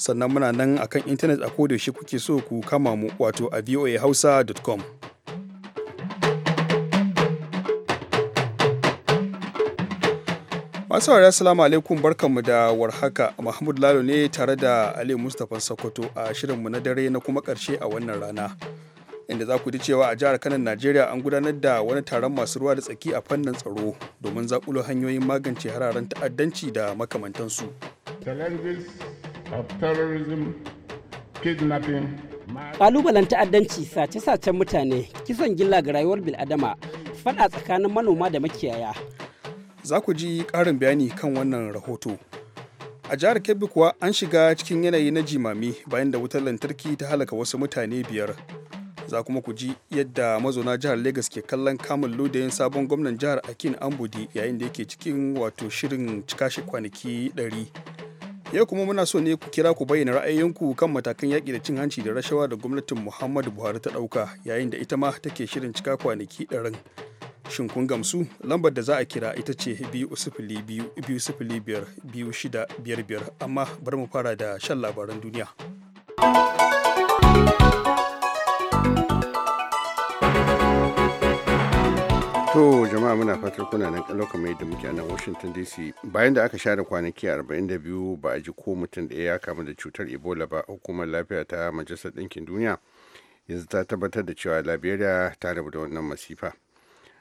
sannan muna nan akan intanet a kodayaushe kuke so ku kama mu wato a voahausa.com masu wari assalamu alaikum barkanmu da warhaka mahmud lalo ne tare da ali mustapha sokoto a shirinmu na dare na kuma karshe a wannan rana inda za ku ji cewa a jihar kanan najeriya an gudanar da wani taron masu ruwa da tsaki a fannin tsaro domin zakulo hanyoyin magance hararen ta'addanci da makamantansu of terrorism, kidnapping, Ƙalubalen ta'addanci sace-sacen mutane, kisan gilla ga rayuwar bil'adama, faɗa tsakanin manoma da makiyaya. Za ku ji ƙarin bayani kan wannan rahoto. A jihar Kebbi kuwa an shiga cikin yanayi na jimami bayan da wutar lantarki ta halaka wasu mutane biyar. Za kuma ku ji yadda mazauna jihar Legas ke kallon kamun lodayin sabon gwamnan jihar Akin Ambudi yayin da yake cikin wato shirin cika shi kwanaki ɗari. Yau kuma muna so ne ku kira ku bayyana ra'ayinku kan matakan yaƙi da cin hanci da rashawa da gwamnatin Muhammadu Buhari ta ɗauka yayin da ita ma take shirin cika kwanaki ɗarin. Shin kun gamsu lambar da za a kira ita ce biyu amma bari mu fara da shan labaran duniya. To jama'a muna fatar kuna nan da mai da muke a nan Washington DC bayan da aka share kwanaki 42 ba a ji ko mutum ɗaya ya kamu da cutar Ebola ba hukumar lafiya ta Majalisar Ɗinkin Duniya yanzu ta tabbatar da cewa Liberia ta rabu da wannan masifa.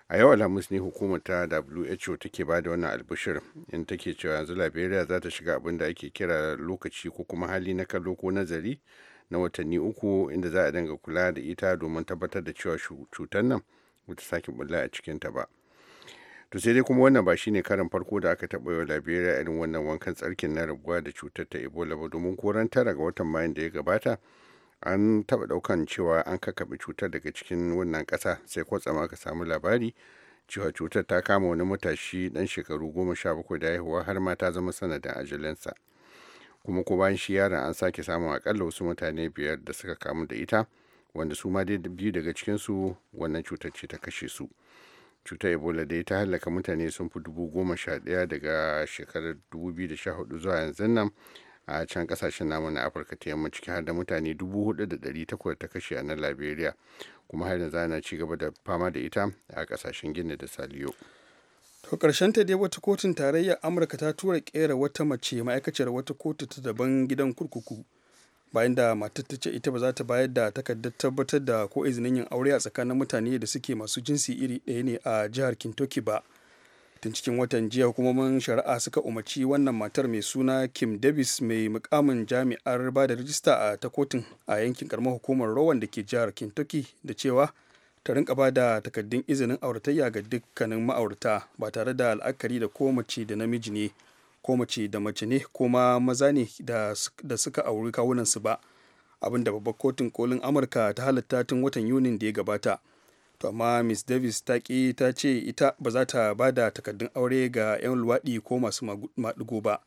A yau Alhamis ne hukumar ta WHO take ba da wannan albishir in take cewa yanzu Liberia za ta shiga abin da ake kira lokaci ko kuma hali na kallo ko nazari na watanni uku inda za a dinga kula da ita domin tabbatar da cewa cutar nan ta sake bulla a cikinta ba to sai dai kuma wannan ba shine karin farko da aka taɓa yau liberia irin wannan wankan tsarkin na rabuwa da cutar ta ebola ba domin koran tara ga watan mayun da ya gabata an taɓa ɗaukan cewa an kakaɓe cutar daga cikin wannan ƙasa sai kwatsama aka samu labari cewa cutar ta kama wani matashi dan shekaru goma sha bakwai da haihuwa har ma ta zama sanadin ajalinsa kuma ko bayan shi yaron an sake samun akalla wasu mutane biyar da suka kamu da ita wanda su ma dai biyu daga cikinsu wannan cutar ce ta kashe su cutar ebola dai ta hallaka mutane sun fi dubu goma sha daya daga shekarar 2014 zuwa yanzu nan a can kasashen namu na afirka ta yamma ciki har da mutane takwas ta kashe a nan liberia kuma har yanzu ana ci gaba da fama da ita a kasashen gini da saliyo to karshen ta dai wata kotun tarayyar amurka ta tura kera wata mace ma'aikaciyar wata kotu ta daban gidan kurkuku bayan da matar ta ce ita ba za ta bayar da takardar tabbatar da ko izinin yin aure a tsakanin mutane da suke masu jinsi iri ɗaya ne a jihar Kentucky ba. Tun cikin watan jiya hukumomin shari'a suka umarci wannan matar mai suna Kim Davis mai mukamin jami'ar ba da rijista a ta kotun a yankin karamar hukumar Rowan da ke jihar Kentucky da cewa ta rinka ba da takardun izinin auratayya ga dukkanin ma'aurata ba tare da la'akari da ko mace da namiji ne. ko mace da mace ne ko ma maza ne da suka auri kawunansu ba abin da babbar kotun kolin amurka ta halatta tun watan yunin da ya gabata to amma miss davis ta ki ta ce ita ba za ta ba da takardun aure ga 'yan luwaɗi ko masu maɗigo ba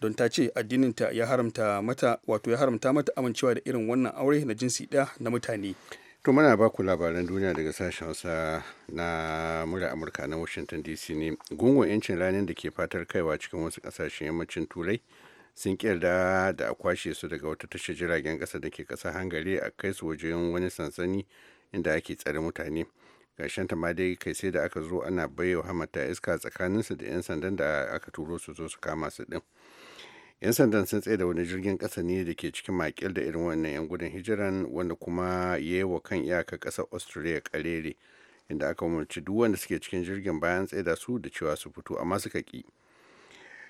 don ta ce addininta ya haramta mata wato ya haramta mata amincewa da irin wannan aure na jinsi ɗaya na mutane To muna ba ku labaran duniya daga sashen Hausa na mura Amurka na Washington DC ne. Gungun 'yancin ranar da ke fatar kaiwa cikin wasu kasashen yammacin Turai sun kyarda da a kwashe su daga wata tashar jiragen kasa da ke ƙasa Hangare a kai su wajen wani sansani inda ake tsare mutane. Ƙarshen ta ma dai kai sai da aka zo ana baiwa hamata iska tsakaninsu da 'yan sandan da aka turo su zo su kama su ɗin. 'yan sandan sun tsaye da wani jirgin kasa ne da ke cikin makil da irin wannan 'yan gudun hijiran wanda kuma ya yi wa kan iyaka ƙasar australia karere inda aka umarci duk wanda suke cikin jirgin bayan tsaye da su da cewa su fito amma suka ki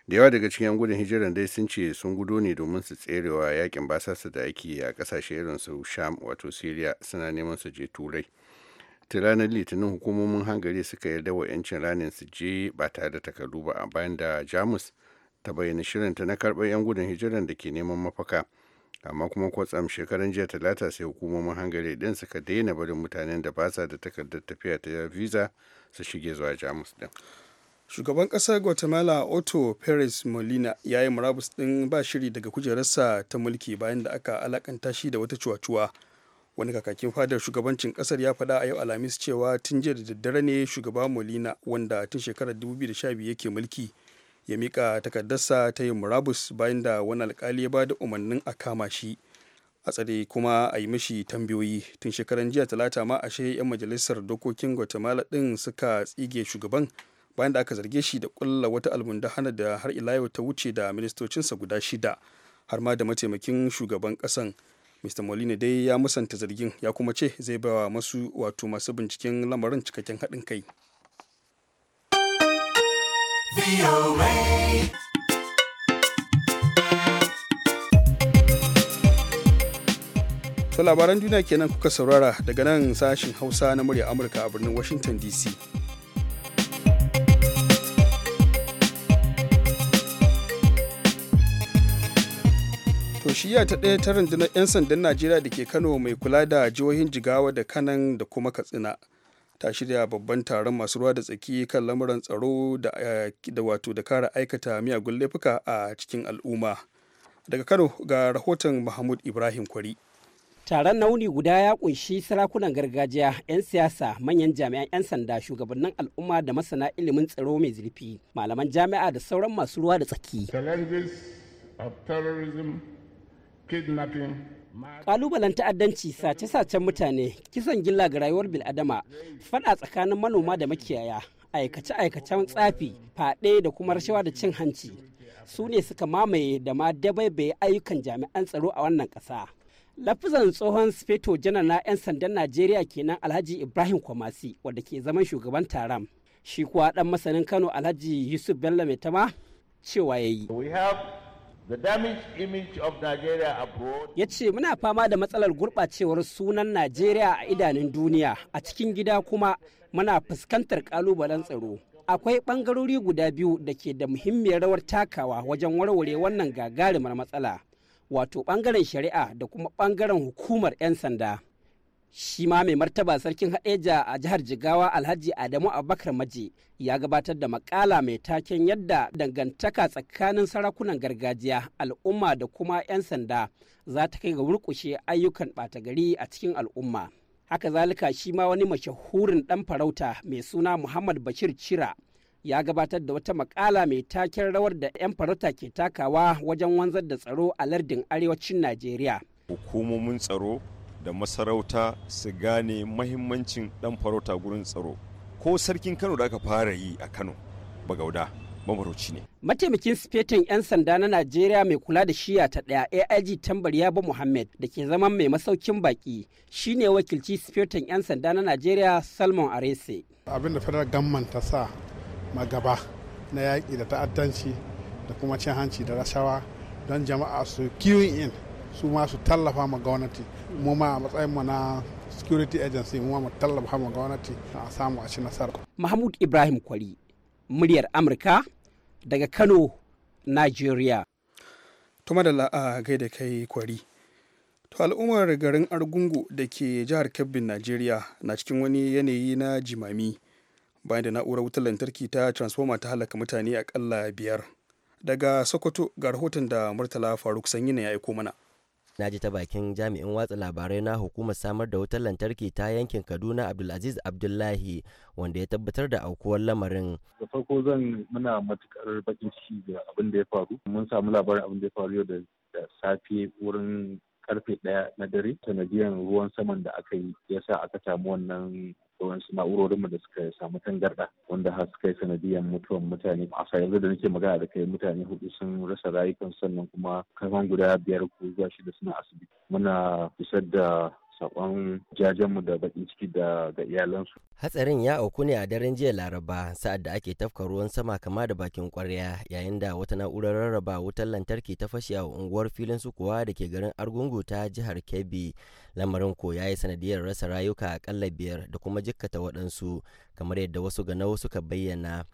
da yawa daga cikin 'yan gudun hijiran dai sun ce sun gudo ne domin su tserewa yakin basasa da ake a ƙasashe irin su sham wato syria suna neman su je turai ta ranar litinin hukumomin hangare suka yarda wa 'yancin ranar su je ba tare da takardu ba a bayan da jamus ta bayyana shirinta na karɓar 'yan gudun hijiran da ke neman mafaka amma kuma kwatsam shekaran jiya talata sai hukumomin hangare din suka daina barin mutanen da ba sa da takardar tafiya ta visa su shige zuwa jamus din shugaban kasar guatemala otto perez molina ya yi murabus din ba shiri daga kujerarsa ta mulki bayan da aka alakanta shi da wata cuwa-cuwa wani kakakin fadar shugabancin kasar ya fada a yau alhamis cewa tun jiya da daddare ne shugaba molina wanda tun shekarar 2012 yake mulki ya mika takardarsa ta yin murabus bayan da wani alkali ya ba da umarnin a kama shi a tsare kuma a yi mishi tambayoyi tun shekaran jiya talata ma a ashe 'yan majalisar dokokin guatemala din suka tsige shugaban bayan da aka zarge shi da kulla wata hana da har ila yau ta wuce da ministocinsa guda shida har ma da mataimakin shugaban kasan mr molina dai ya musanta zargin ya kuma ce zai bawa masu wato masu binciken lamarin cikakken haɗin kai To labaran duniya kenan kuka saurara daga nan sashin Hausa na murya Amurka a birnin Washington DC. To shiya ta ɗaya ta rundunar 'yan sandan Najeriya da ke Kano mai kula da jihohin Jigawa da Kanan da kuma Katsina. ta shirya babban taron masu ruwa da tsaki kan lamuran tsaro da eh, wato da kara aikata miyagun laifuka a cikin al'umma daga kano ga rahoton mahmud ibrahim kwari taron nauni guda ya kunshi sarakunan gargajiya 'yan siyasa manyan jami'an 'yan sanda shugabannin al'umma da masana ilimin tsaro mai zurfi malaman jami'a da sauran masu ruwa da tsaki of terrorism kidnapping Kalubalen ta'addanci sace-sacen mutane, kisan gilla ga rayuwar bil'adama, faɗa tsakanin manoma da makiyaya, aikace-aikacen tsafi, faɗe da kuma rashawa da cin hanci. Su ne suka mamaye da ma dabaibaye ayyukan jami'an tsaro a wannan ƙasa. lafizan tsohon sfeto janar na 'yan sandan najeriya kenan alhaji ibrahim kwamasi wadda ke zaman shugaban taron shi kuwa dan masanin kano alhaji yusuf bello mai tama cewa ya yi Ya ce muna fama da matsalar gurɓacewar sunan Najeriya a idanun duniya a cikin gida kuma muna fuskantar ƙalubalen tsaro. Akwai ɓangarori guda biyu da ke da muhimmiyar rawar takawa wajen warware wannan gagarumar matsala, wato ɓangaren shari'a da kuma ɓangaren hukumar 'yan sanda. shi ma mai martaba sarkin haɗeja a jihar jigawa alhaji adamu abubakar maje ya gabatar da makala mai taken yadda dangantaka tsakanin sarakunan gargajiya al'umma da kuma 'yan sanda za ta kai ga wurkushe ayyukan ɓata gari a cikin al'umma haka zalika shi ma wani mashahurin ɗan farauta mai suna muhammad bashir cira ya gabatar da wata makala mai taken rawar da 'yan farauta ke takawa wajen wanzar da tsaro a lardin arewacin najeriya hukumomin tsaro da masarauta su gane mahimmancin dan farauta gurin tsaro ko sarkin kano da aka fara yi a kano bagauda mamarauci ne mataimakin sifetin 'yan sanda na najeriya mai kula da shiya ta daya aig tambar yabo muhammad da ke zama mai masaukin baki shine wakilci sifetin 'yan sanda na najeriya salmon arese abin da federal gamman ta sa magaba na yaƙi da ta'addanci da kuma cin hanci da rashawa don jama'a su queuing in su ma su tallafa ma gwamnati mu ma a matsayin mu na security agency mu ma mu tallafa ma gwamnati a samu a ci nasara mahmud ibrahim kwari muryar amurka daga kano nigeria To madalla a gaida kai kwari to al'ummar garin argungu da ke jihar kebbin najeriya na cikin wani yanayi na jimami bayan da na'urar wutar lantarki ta transformer ta halaka mutane akalla biyar daga sokoto ga rahoton da murtala faruk sanyi ya aiko mana na ji ta bakin jami'in watsa labarai na hukumar samar da wutar lantarki ta yankin kaduna abdulaziz abdullahi wanda ya tabbatar da aukuwar lamarin da farko zan muna matukar bakin ciki da abin da ya faru mun samu labarin abin da ya faru yau da safe wurin karfe daya na dare sanadiyar ruwan saman da aka yi ya sa aka samu wannan da na'urorin na'urorinmu da suka samu tangarɗa wanda har suka yi sanadiyar mutuwar mutane a yanzu da nake magana da kai mutane hudu sun rasa rayukan sannan kuma kaman guda biyar ko zuwa shida suna asibiti muna kusa da sakon jajenmu da bakin ciki da ga iyalansu. Hatsarin ya auku ne a daren jiya Laraba sa'ad da ake tafka ruwan sama kama da bakin kwarya yayin da wata na'urar rarraba wutar lantarki ta fashe a unguwar filin su kuwa da ke garin Argungu ta jihar Kebbi. Lamarin ko ya yi sanadiyar rasa rayuka akalla biyar da kuma jikkata waɗansu kamar yadda wasu ganau suka bayyana.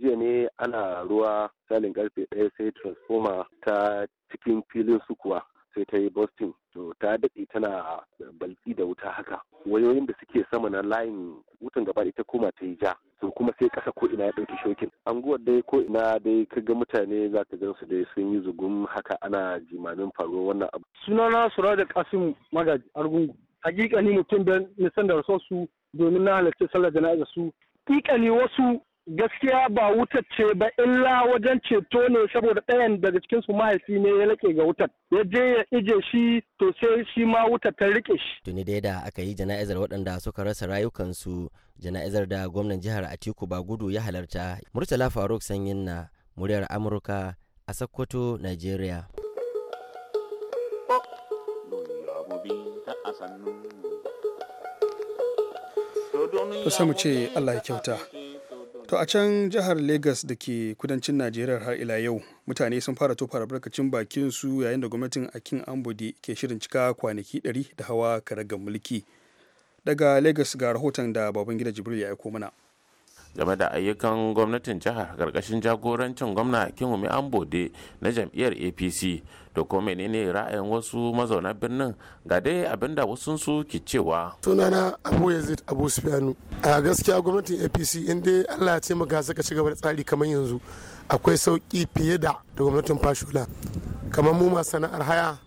jiya ne ana ruwa salin karfe ɗaya sai transformer ta cikin filin su kuwa sai ta yi boston to ta daɗe tana balki da wuta haka wayoyin da suke sama na layin wutan gaba ita koma ta yi ja to kuma sai ƙasa ko ina ya ɗauki shokin anguwar dai ko ina dai ka ga mutane za ka gan su dai sun yi zugun haka ana jimamin faruwar wannan abu sunana sura da kasim magaji argungu hakika ni mutum da nisan da rasuwar su domin na halarci sallar jana'iza su hakika ne wasu gaskiya ba wutar ce ba illa wajen ceto ne saboda ɗayan daga cikin su mahaifi ne ya laƙe ga wutar ya je ya ije shi to sai shi ma wutar ta riƙe shi tuni dai da aka yi jana'izar waɗanda suka rasa rayukansu jana'izar da gwamnan jihar Atiku gudu ya halarta Murtala Faruk Sanyin na muryar Amurka a Sokoto Nigeria ce Allah ya kyauta. to a can jihar legas da ke kudancin najeriya har ila yau mutane sun fara tofa albarkacin bakin su yayin da gwamnatin akin ambodi ke shirin cika kwanaki 100 da hawa karagar mulki daga legas ga rahoton da baban babangida jibril ya aiko mana game da ayyukan gwamnatin jihar karkashin jagorancin gwamna kin ambode na jam'iyyar apc to ko menene ra'ayin wasu mazauna birnin ga dai abinda wasu su ke cewa sunana abu yazid abu sufiyanu a gaskiya gwamnatin apc in dai allah ya ce maka suka ci gaba da tsari kamar yanzu akwai sauki fiye da da gwamnatin fashola kamar mu masu sana'ar haya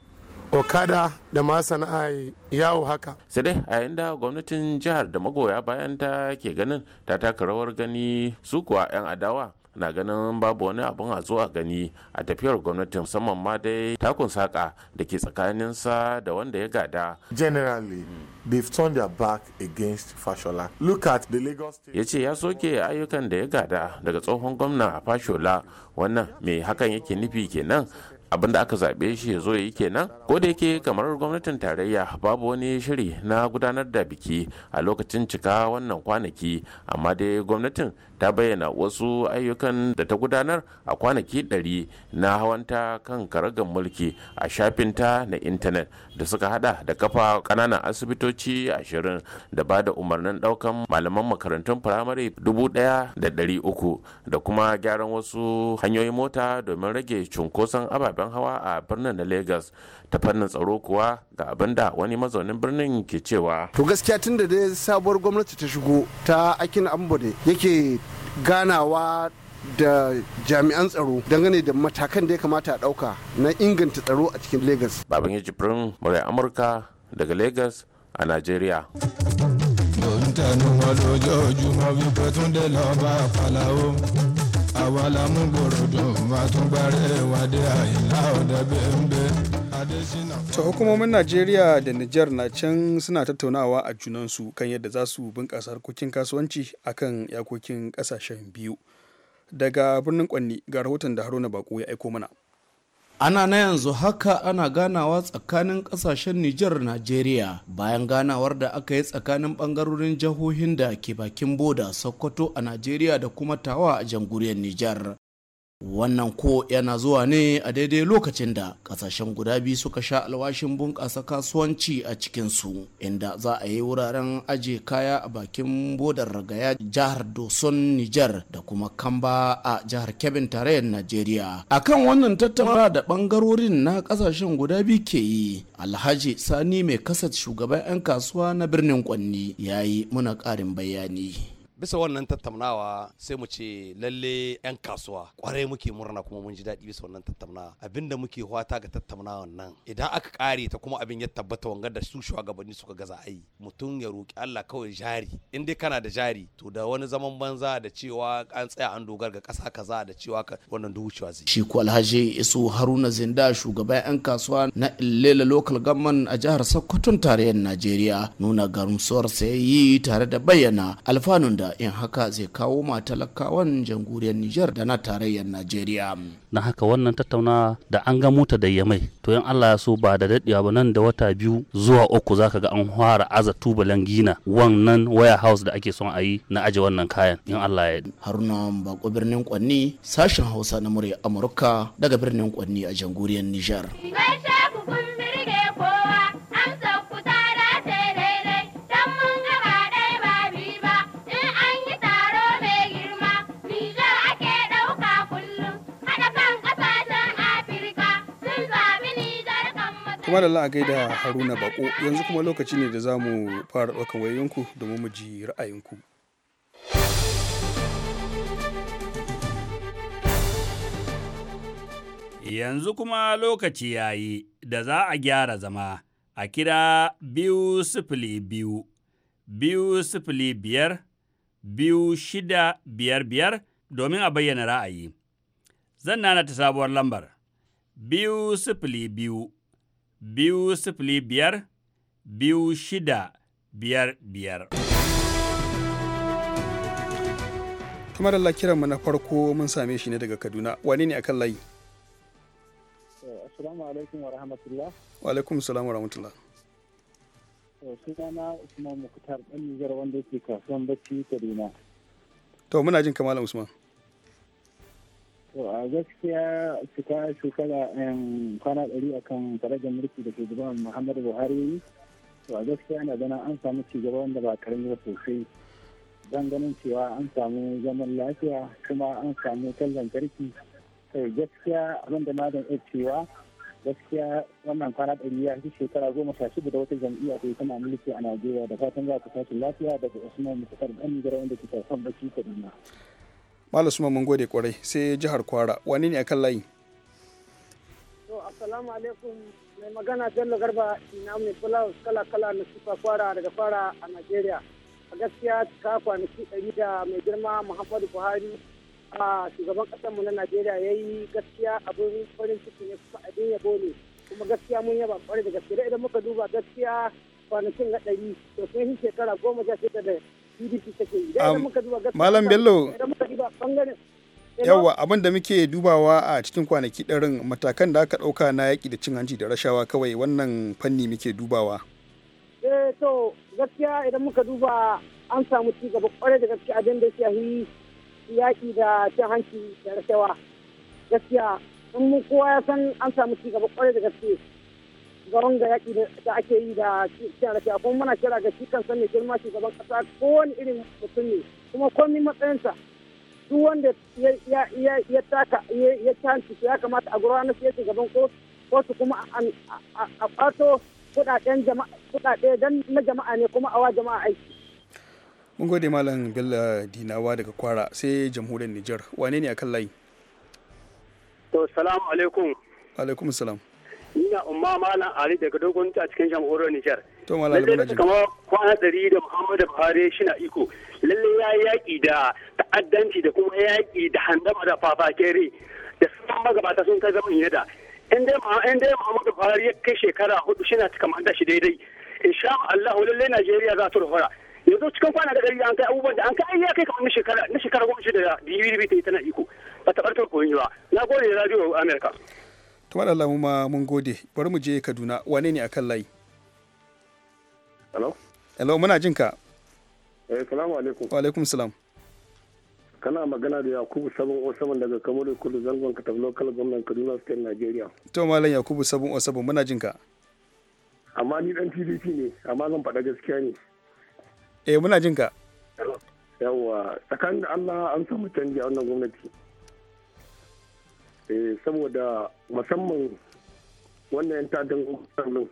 okada da ma sana'a yawo haka sai dai a yanda gwamnatin jihar da magoya bayan ta ke ganin ta taka rawar gani su kuwa 'yan adawa na ganin babu wani abin a zo a gani a tafiyar gwamnati musamman ma dai takun saka da ke tsakaninsa da wanda ya gada generally they've turned their back against fashola look at the lagos state ya ce ya soke ayyukan da ya gada daga tsohon gwamna a fashola wannan me hakan yake nufi kenan abinda aka zaɓe shi ya zo ya yi kenan ko da yake kamar gwamnatin tarayya babu wani shiri na gudanar da biki a lokacin cika wannan kwanaki amma dai gwamnatin ta bayyana wasu ayyukan da ta gudanar a kwanaki ɗari na hawanta kan karagar mulki a shafinta na intanet da suka hada da kafa ƙananan asibitoci ashirin da ba da umarnin ɗaukan malaman makarantun firamare dubu ɗaya da ɗari uku da kuma gyaran wasu hanyoyin mota domin rage cunkoson ababen ababen hawa a birnin na Legas ta fannin tsaro kuwa ga abin da wani mazaunin birnin ke cewa to gaskiya tun da dai sabuwar gwamnati ta shigo ta akin ambode yake ganawa da jami'an tsaro dangane da matakan da ya kamata a ɗauka na inganta tsaro a cikin lagos baban yaji jibrin murai amurka daga Legas a nigeria tẹnu wọn lójoojúmọ́ wípé Túndé love bá Fáláwo. àwa la mú gbòròdùn ta hukumomin najeriya da niger na can suna tattaunawa a junansu kan yadda za su bunƙasa harkokin kasuwanci akan yakokin ƙasashen biyu daga birnin kwanni ga rahoton da haruna bako ya aiko mana ana na yanzu haka ana ganawa tsakanin kasashen Nijar Najeriya bayan ganawar da aka yi tsakanin bangarorin jihohin da ke bakin boda Sokoto a Najeriya da kuma Tawa a jamhuriyar Nijar wannan ko yana zuwa ne a daidai lokacin da kasashen guda biyu suka sha alwashin bunƙasa kasuwanci a cikinsu inda za a yi wuraren ajiye kaya a bakin bodar ragaya jihar doson nijar da kuma kamba a jihar kebin tarayyar najeriya akan wannan tattara da bangarorin na kasashen guda biyu ke yi alhaji sani mai kasat shugaban 'yan kasuwa na birnin kwanni ya yi muna ƙarin bayani bisa wannan tattaunawa sai mu ce lalle 'yan kasuwa kwarai muke murna kuma mun ji daɗi bisa wannan tattaunawa abinda muke hwata ga tattaunawa nan idan aka kare ta kuma abin ya tabbata wanga da su shugabanni suka gaza ai mutum ya roki Allah kawai jari in dai kana da jari to da wani zaman banza da cewa an tsaya an dogara ga kasa kaza da cewa wannan duhucewa zai shi ko alhaji isu haruna zinda shugaban 'yan kasuwa na illela local government a jihar sokoton tarayyar najeriya nuna gamsuwar yi tare da bayyana alfanun da in haka zai kawo ma talakawan jamhuriyar Nijar da na tarayyar Najeriya. Na haka wannan tattauna da an ga mota da yamai to in Allah ya so ba da daɗewa ba nan da wata biyu zuwa uku zaka ga an fara aza tubalan gina wannan waya house da ake son a yi na aje wannan kayan in Allah ya Haruna Bako birnin Kwanni sashen Hausa na murya Amurka daga birnin Kwanni a jamhuriyar Nijar. kuma da la'a da haruna bako yanzu kuma lokaci ne da za mu fara ɗaukar wayoyinku domin mu ji ra'ayinku yanzu kuma lokaci ya yi da za a gyara zama a kira biyu sifili biyu biyu sifili biyar biyu shida biyar biyar domin a bayyana ra'ayi zan nana ta sabuwar lambar biyu sifili biyu biyu sifili biyar biyu shida biyar biyar. kamar Allah kiranmu na farko mun same shi ne daga Kaduna wane ne akan layi? Eh, assalamu alaikum wa rahmatullah. Wa alaikum salam wa rahmatullah. Eh, na Usman Mukhtar ɗan Nijar wanda yake kasuwan bacci Kaduna. To muna jin kamalan Usman. To a gaskiya cika shekara kwana ɗari a kan darajar mulki da shugaban muhammad Buhari to a gaskiya na ganin an samu cigaba wanda ba karami ba sosai don ganin cewa an samu zaman lafiya kuma an samu tallan lantarki sai gaskiya abin da madan ya cewa gaskiya wannan kwana ɗari ya fi shekara goma sha shida da wata jam'iyya ta tana mulki a Najeriya da fatan za ta tashi lafiya daga Usman Mukhtar Ɗan Gara wanda ke son baki ta malam suma mun gode kwarai sai jihar kwara wani ne akan layi to assalamu alaikum mai magana bello garba ina mai fulawar kala kala na sifa kwara daga fara a nigeria a gaskiya ka kwanaki ɗari da mai girma muhammadu buhari a shugaban ƙasar mu na najeriya ya yi gaskiya abin farin ciki ne kuma abin yabo ne kuma gaskiya mun yaba kwarai da gaskiya idan muka duba gaskiya kwanakin na ɗari to sun yi shekara goma sha shekara da Malam Bello. yawa abin da muke dubawa a cikin kwanaki ɗarin matakan da aka ɗauka na yaƙi da cin hanci da rashawa kawai wannan fanni muke dubawa. Eh to gaskiya idan muka duba an samu ci gaba kwarai da gaskiya abin da ya yi yaƙi da cin hanci da rashawa. Gaskiya in kowa ya san an samu ci gaba kwarai da gaskiya. garon da yaƙi da ake yi da cin rafiya kuma muna kira ga shi kansa mai girma shugaban ƙasa kowane irin mutum ne kuma komi matsayinsa duk wanda ya taka ya canci ya kamata a na siyasa gaban kotu kuma a fato kudaden na jama'a ne kuma awa jama'a aiki. Mun gode Malam Bello Dinawa daga Kwara sai jamhuriyar Nijar wane ne akan layi? To salamu alaikum. Alaikum salam. ina umma malam Ali daga dogon a cikin jamhuriyar Nijar. To malam Ali Lalle kuma kwana ɗari da Muhammadu Buhari shi na iko. Lalle ya yaƙi da ta'addanci da kuma yaƙi da handama da fafakere da sun magabata sun ta zaman yada. In dai Muhammadu Buhari ya kai shekara hudu shi na cika manda shi daidai. Insha Allah lalle Najeriya za ta rufara. yanzu cikin kwana da ɗari an kai abubuwan da an kai ya kai kamar shekara na shekara goma shida da biyu biyu ta yi tana iko ba ta ɓartar yi ba na gode da radio Amerika. to malam lamu ma mun gode bari mu je kaduna wane ne akan layi hello hello muna jin ka eh salamu alaikum wa alaikum salam kana magana da yakubu sabon osaban oh daga kamaru kudu zangon katab local government kaduna state nigeria to malam yakubu sabon osaban oh muna jin ka amma ni dan pdp ne amma zan faɗa gaskiya ne eh muna jin ka yawa tsakanin allah an samu canji a wannan gwamnati Eh, saboda musamman wannan 'yan tatan gwamnatin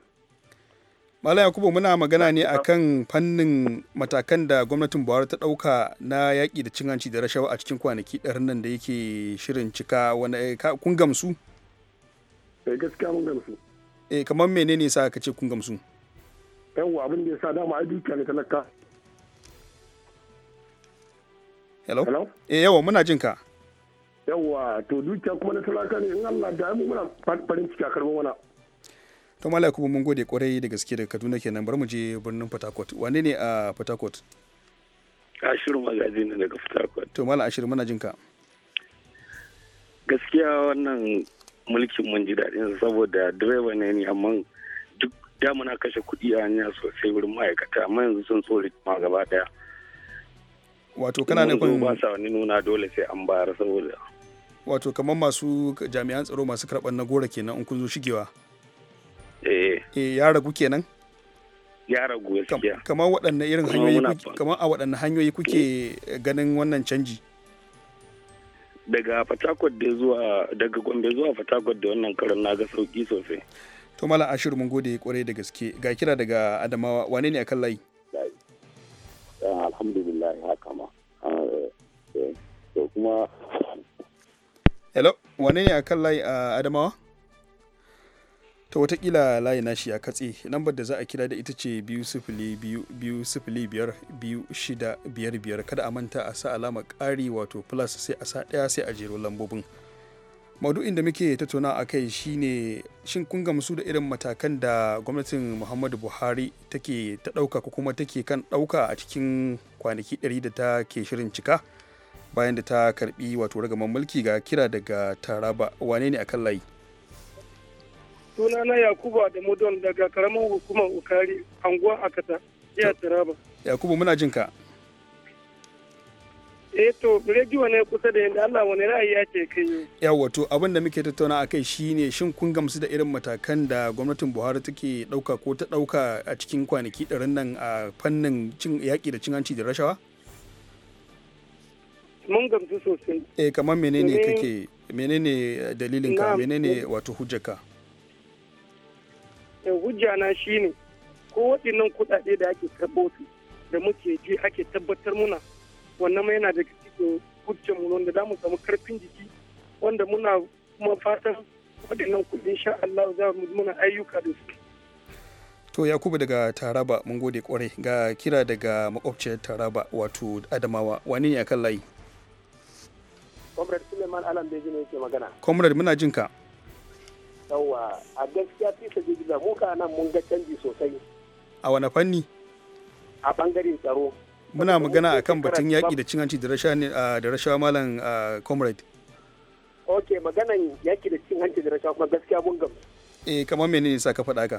Mala Yakubu muna magana ne akan fannin matakan da gwamnatin Buhari ta ɗauka na yaƙi da cin hanci da rashawa a cikin kwanaki ɗarin nan da yake shirin cika wani eh, kun gamsu? Eh gaskiya mun gamsu. Eh kamar menene sa ka ce kun gamsu? Yawwa abin da ya sa dama ai dukiya ne talaka. Hello? Hello? Eh yawa muna jin ka. yawwa to dukiya kuma na talaka ne in Allah da mu muna farin ciki a karban wana to malai kuma mun gode kwarai da gaske da Kaduna kenan bari mu je birnin Port wane ne a Port Harcourt Ashir magaji ne daga Port Harcourt to malai Ashir muna jinka gaskiya wannan mulkin mun ji daɗin saboda direba ne ne amma duk da muna kashe kuɗi a hanya sosai wurin ma'aikata amma yanzu sun tsori ma gaba daya wato kana kun ba sa wani nuna dole sai an bayar saboda wato kamar masu jami'an tsaro masu karɓar na gora kenan in kun zo shigewa eh, eh ya ragu kenan ya ragu ya kamar waɗanne irin hanyoyi kamar a waɗanne hanyoyi kuke ganin wannan canji daga fatakwat da zuwa daga gombe zuwa fatakwat da wannan karan na ga sauki sosai to mala ashir mun gode kwarai da gaske ga kira daga adamawa wane ne a kan layi eh, alhamdulillah haka ma ah, eh, to kuma hello wane ne akan layi a adamawa ta watakila layi nashi a katse lambar da za a kira da ita ce biyu sifili biyu sifili biyar biyu shida biyar biyar kada a manta a sa alama ƙari wato plus sai a sa ɗaya sai a jero lambobin maudu'in da muke tattauna a kai shine shin kun gamsu da irin matakan da gwamnatin muhammadu buhari take ta ɗauka ko kuma take kan ɗauka a cikin kwanaki 100 da ta ke shirin cika bayan da ta karbi wato ragaman mulki ga kira daga taraba wane ne akan layi sunana yakubu da mudon daga karamin hukumar ukari anguwa akata jihar taraba yakubu muna jin ka eh to rediyo ne kusa da yadda allah wani ra'ayi ya ce kai yi. to abin da muke tattauna a kai shine shin kun gamsu da irin matakan da gwamnatin buhari take dauka ko ta dauka a cikin kwanaki ɗarin nan a fannin yaƙi da cin hanci da rashawa mun gamsu sosai eh kamar menene kake menene eh, dalilin ka menene wato hujjaka eh hujja na shine ko waɗannan kuɗaɗe da ake karɓo su da muke ji ake tabbatar muna wannan ma yana daga cikin hujjar mu wanda za mu samu karfin jiki wanda muna kuma fatan waɗannan kuɗin sha Allah za mu muna ayyuka da su To Yakubu daga Taraba mun gode kwarai ga kira daga makwabciyar Taraba wato Adamawa wani ne akan layi? comrade suleiman alam da ne yake magana comrade muna jin ka Yawwa a gaskiya fi jirgin mu ka nan mun ga canji sosai a wani fanni a bangaren tsaro muna magana akan batun yaƙi da cin hanci da rashawa malam comrade ok maganan yaƙi da cin hanci da rashawa kuma gaskiya mun gamsu eh kamar menene sa ka faɗa ka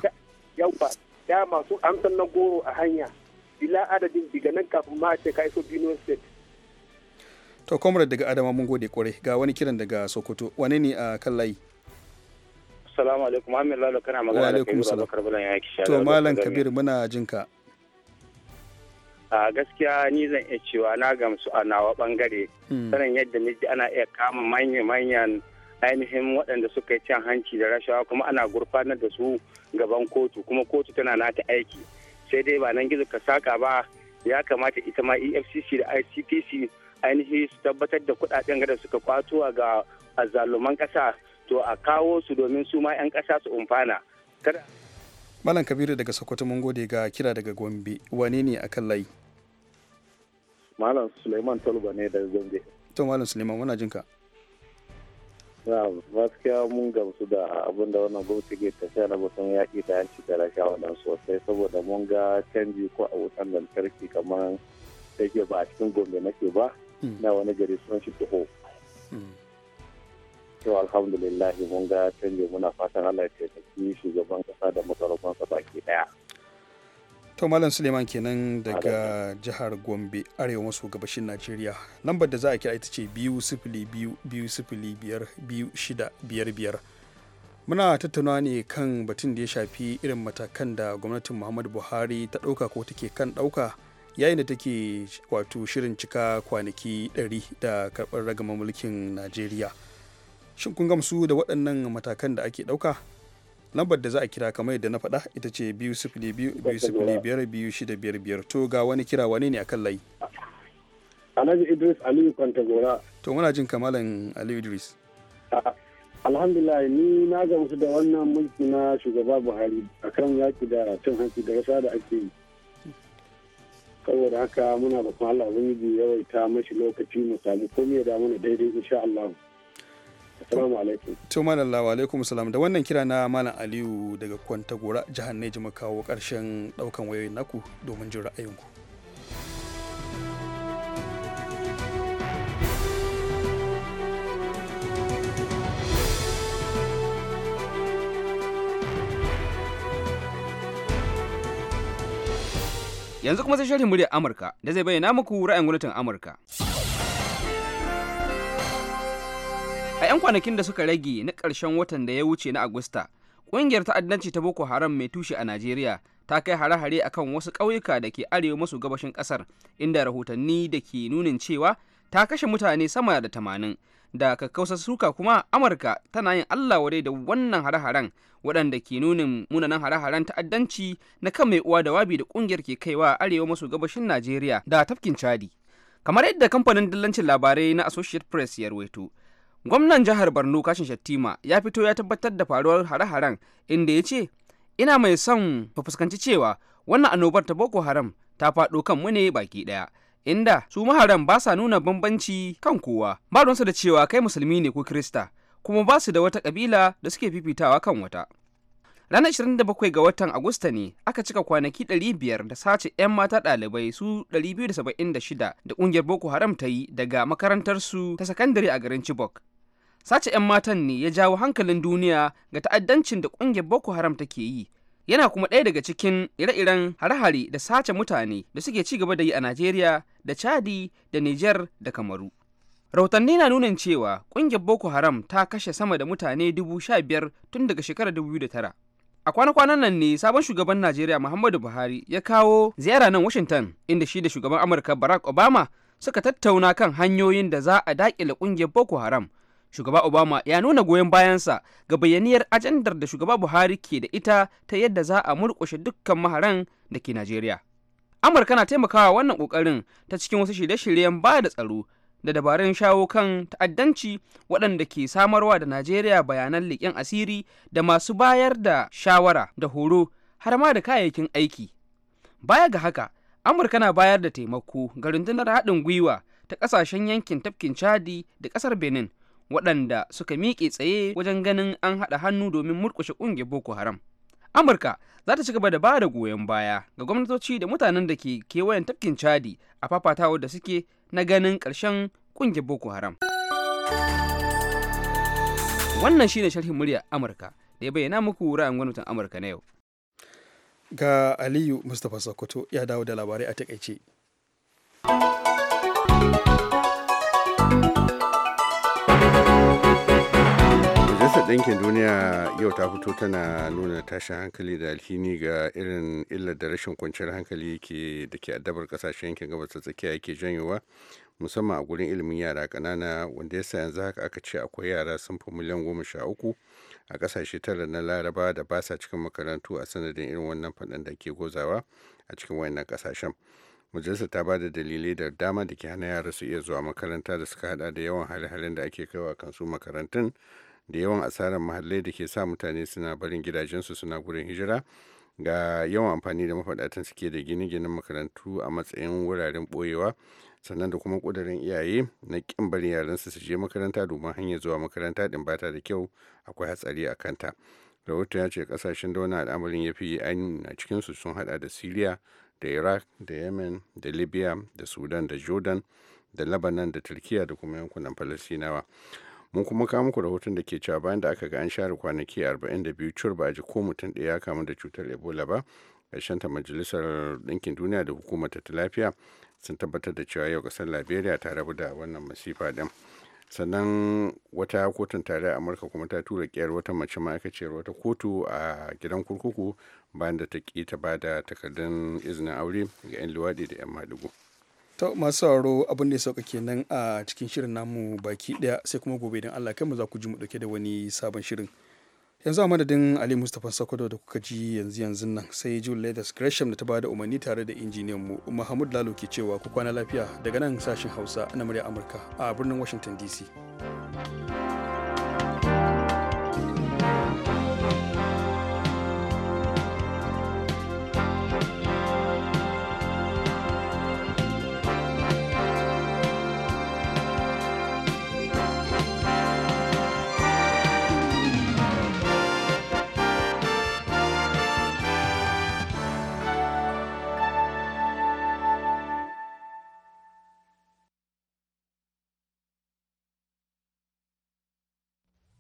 Yawwa, da masu amsan na goro a hanya bila adadin diga nan kafin ma a ce ka iso benue state to komar daga adama mun gode kwarai ga wani kiran daga sokoto wane ne a kan layi assalamu alaikum kana magana da ya yaki to malam kabir muna jin ka a gaskiya ni zan iya cewa na gamsu a nawa bangare hmm. sanan yadda miji ana iya kama manya-manyan ainihin waɗanda suka yi cin hanci da rashawa kuma ana gurfanar da su gaban kotu kuma kotu tana nata aiki sai dai ba nan gizo ka saka ba ya kamata ita ma efcc da icpc ainihi su tabbatar da kudaden da suka kwato ga azaluman kasa to a kawo su domin su ma 'yan kasa su umfana malam kabiru daga sokoto mun gode ga kira daga gombe wane ne akan layi malam suleiman tolba ne daga gombe to malam suleiman muna jinka gaskiya mun gamsu da abin da wannan gwamnati ke tafiya na batun yaƙi da yanci da rasha nan sosai saboda mun ga canji ko a wutan lantarki kamar da ke ba a cikin gombe nake ba na wani gari sun shi tuho to alhamdulillah mun ga canje muna fatan Allah ya taimaki shugaban kasa da sa baki daya to malam suleiman kenan daga jihar gombe arewa maso gabashin najeriya lambar da za a kira ita ce biyu sifili biyu biyu sifili biyar biyu shida biyar biyar muna tattauna ne kan batun da ya shafi irin matakan da gwamnatin muhammadu buhari ta ɗauka ko take kan ɗauka yayin da take wato shirin cika kwanaki 100 da karɓar ragama mulkin najeriya shin kun gamsu da waɗannan matakan da ake ɗauka lambar da za a kira kamar yadda na faɗa ita ce biyu sifili biyu biyu sifili biyar biyu shida biyar biyar to ga wani kira wani ne akan layi alhaji idris aliyu kwantagora to muna jin kamalan aliyu idris alhamdulillah ni na gamsu da wannan mulki na shugaba buhari akan yaki da cin hanci da rasa da ake yi saboda haka muna roƙon Allah ubangiji yawaita mashi lokaci mu samu komai ya da mana daidai insha Allah Assalamu alaikum. To Allah wa alaikum salam da wannan kira na Malam Aliyu daga Kwantagora jihar Neji muka kawo ƙarshen ɗaukan wayoyin naku domin jin ra'ayinku. Yanzu kuma sai shirin muryar Amurka da zai bayyana muku ra'ayin gwamnatin Amurka. A 'yan kwanakin da suka rage na ƙarshen watan da ya wuce na Agusta, ƙungiyar ta'addanci ta Boko Haram mai tushe a Najeriya ta kai hare-hare akan wasu ƙauyuka da ke arewa maso gabashin ƙasar, inda rahotanni da ke nunin cewa ta kashe mutane sama da tamanin da kakkausar suka kuma amurka tana yin allah wadai da wannan hare-haren waɗanda ke nunin munanan hare-haren ta'addanci na kan mai uwa da wabi da ƙungiyar ke kaiwa arewa maso gabashin najeriya da tafkin chadi kamar yadda kamfanin dillancin labarai na associate press ya ruwaito gwamnan jihar borno kashin shattima ya fito ya tabbatar da faruwar hare-haren inda ya ce ina mai son fuskanci cewa wannan annobar ta boko haram ta faɗo kan mu ne baki ɗaya inda su maharan ba sa nuna bambanci kan kowa ba su da cewa kai musulmi ne ko kirista kuma ba su da wata kabila da suke fifitawa kan wata ranar 27 ga watan agusta ne aka cika kwanaki 500 da sace 'yan mata ɗalibai su 276 da ƙungiyar boko haram ta yi daga makarantarsu ta sakandare a garin chibok sace 'yan matan ne ya jawo hankalin duniya ga ta'addancin da ƙungiyar boko haram take yi yana kuma ɗaya daga cikin ire-iren hare-hare da sace mutane da suke ci gaba da yi a Najeriya da Chadi da Nijar da Kamaru. Rahotanni na nunin cewa ƙungiyar Boko Haram ta kashe sama da mutane dubu sha biyar tun daga shekarar dubu da tara. A kwana-kwanan nan ne sabon shugaban Najeriya Muhammadu Buhari ya kawo ziyara nan Washington inda shi da shugaban Amurka Barack Obama suka tattauna kan hanyoyin da za a daƙile ƙungiyar Boko Haram shugaba obama ya nuna goyon bayansa ga bayyaniyar ajandar da shugaba buhari ke da ita ta yadda za a murƙushe dukkan maharan da ke najeriya amurka na taimakawa wannan ƙoƙarin ta cikin wasu shirye-shiryen ba da tsaro da dabarun shawo kan ta'addanci waɗanda ke samarwa da najeriya bayanan leƙen asiri da masu bayar da shawara da horo har ma da kayayyakin aiki baya ga haka amurka na bayar da taimako ga rundunar haɗin gwiwa ta ƙasashen yankin tafkin chadi da ƙasar benin waɗanda suka miƙe tsaye wajen ganin an haɗa hannu domin murƙushe ƙungiyar boko haram amurka za ta ci gaba da ba da goyon baya ga gwamnatoci da mutanen da ke kewayen tafkin chadi a fafatawa da suke na ganin ƙarshen ƙungiyar boko haram wannan shine sharhin muryar amurka da ya bayyana muku ra'ayin gwamnatin amurka na yau ga aliyu mustapha sokoto ya dawo da labarai a takaice yankin duniya yau ta fito tana nuna tashin hankali da alhini ga irin illar da rashin kwanciyar hankali ke da ke addabar kasashen yankin gabas ta tsakiya yake janyowa musamman a gurin ilimin yara kanana wanda ya yasa yanzu haka aka ce akwai yara sun fi miliyan goma sha uku a kasashe tara na laraba da ba sa cikin makarantu a sanadin irin wannan faɗan da ke gozawa a cikin wayannan kasashen majalisar ta ba da dalilai da dama da ke hana yara su iya zuwa makaranta da suka hada da yawan hale-halen da ake kaiwa su makarantun da yawan asarar mahallai da ke sa mutane suna barin gidajensu suna gurin hijira ga yawan amfani da mafaɗatan suke da gine-ginen makarantu a matsayin wuraren ɓoyewa sannan da kuma ƙudurin iyaye na ƙin barin yaransu su je makaranta domin hanyar zuwa makaranta ɗin bata da kyau akwai hatsari a kanta rahoton ya ce ƙasashen da wani al'amarin ya fi ainihin a cikinsu sun haɗa da syria da iraq da yemen da libya da sudan da jordan da lebanon da turkiya da kuma yankunan falasinawa mun kuma kawo muku rahoton da ke cewa bayan da aka ga an share kwanaki 42 cur ba a ji ko mutum ɗaya ya kamu da cutar ebola ba ta majalisar ɗinkin duniya da hukumar ta lafiya sun tabbatar da cewa yau ƙasar liberia ta rabu da wannan masifa ɗin sannan wata kotun tare a amurka kuma ta tura ƙyar wata mace ma'aikaciyar wata kotu a gidan kurkuku bayan da ta ƙi ta ba da takardun izinin aure ga 'yan luwaɗi da 'yan maɗigo. ta masu sauraro abin da ya sauka kenan a cikin shirin namu baki daya sai kuma gobe idan Allah kai mu za ku ji mu dauke da wani sabon shirin yanzu a madadin Ali Mustapha Sokoto da kuka ji yanzu yanzu nan sai jul Leathers Gresham da ta bada umarni tare da injiniyan mu Muhammad Lalo ke cewa ku kwana lafiya daga nan sashen Hausa na murya Amurka a birnin Washington DC.